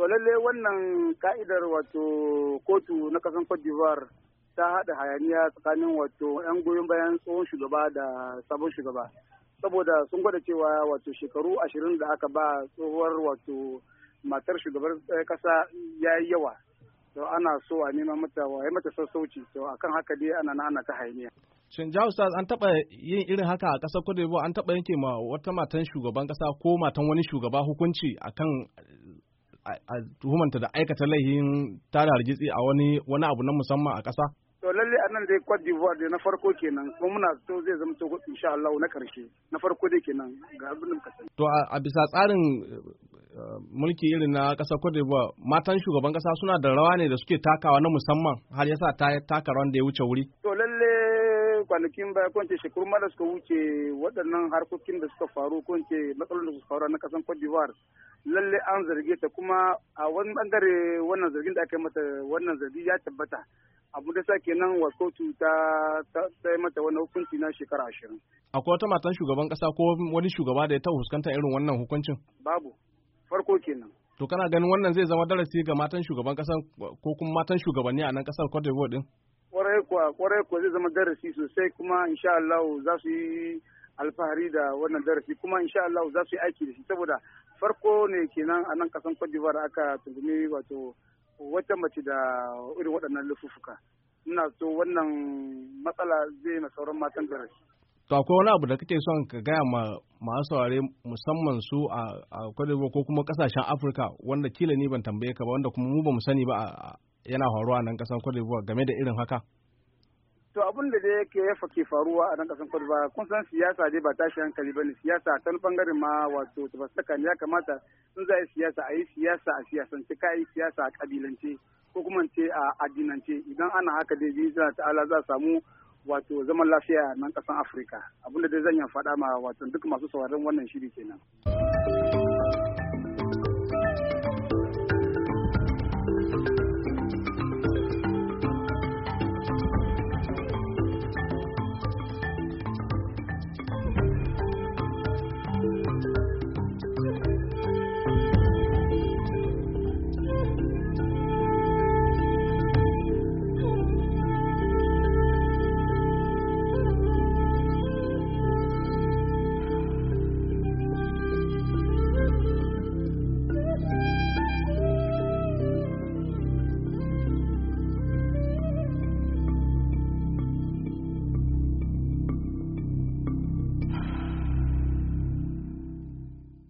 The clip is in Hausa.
to lalle wannan ka'idar wato kotu na kasan cote d'ivoire ta haɗa hayaniya tsakanin wato 'yan goyon bayan tsohon shugaba da sabon shugaba saboda sun gwada cewa wato shekaru ashirin da aka ba tsohuwar wato matar shugabar kasa ya yi yawa to ana so a neman mata wa ya mata sassauci to akan haka dai ana na ana ta hayaniya shin ja ustaz an taba yin irin haka a kasar Cote an taba yanke ma wata matan shugaban kasa ko matan wani shugaba hukunci akan tuhumanta da aikata laihin tara hargitsi a wani wani abu na musamman a ƙasa? To lalle a nan dai Cote d'Ivoire da na farko kenan kuma muna so zai zama to insha Allah na karshe na farko dai kenan ga abin da To a bisa tsarin eh, mulki irin na ƙasar Cote d'Ivoire matan shugaban ƙasa suna da rawa ne da suke takawa na musamman har yasa ta taka rawan da ya wuce wuri. To lalle kwanakin baya ko shekaru ma da suka wuce waɗannan harkokin da suka faru ko matsalolin da suka faru na kasan Cote d'Ivoire lalle an zarge ta kuma a wani bangare wannan zargin da aka yi mata wannan zargi ya tabbata abu da sake nan wa kotu ta sai mata wani hukunci na shekara ashirin. Akwai wata matan shugaban kasa ko wani shugaba da ya ta fuskantar irin wannan hukuncin? Babu, farko kenan. To kana ganin wannan zai zama darasi ga matan shugaban kasa ko kuma matan shugabanni a nan kasar Cote d'Ivoire din? kwarai kuwa kwarai kuwa zai zama darasi sosai kuma insha Allah za su yi alfahari da wannan darasi kuma insha Allah za su yi aiki da shi saboda farko ne kenan a nan kasan Cote d'Ivoire aka tungumi wato wata mace da irin waɗannan lufufuka ina so wannan matsala zai na sauran matan darasi to akwai wani abu da kake son ka gaya ma masu saurare musamman su a Cote ko kuma kasashen Afirka wanda kila ni ban tambaye ka ba wanda kuma mu ba mu sani ba yana horo a nan kasan Cote d'Ivoire game da irin haka To abin da dai yake ya fake faruwa a nan kasan Cote kun san siyasa dai ba tashi hankali ne siyasa ta bangaren ma wato tafasaka ne ya kamata sun za siyasa a yi siyasa a siyasance ka yi siyasa a kabilance ko kuma ce a addinance idan ana haka dai bi zana ta'ala za samu wato zaman lafiya nan kasan Afirka abin da dai zan yi faɗa ma wato duk masu sauraron wannan shiri kenan.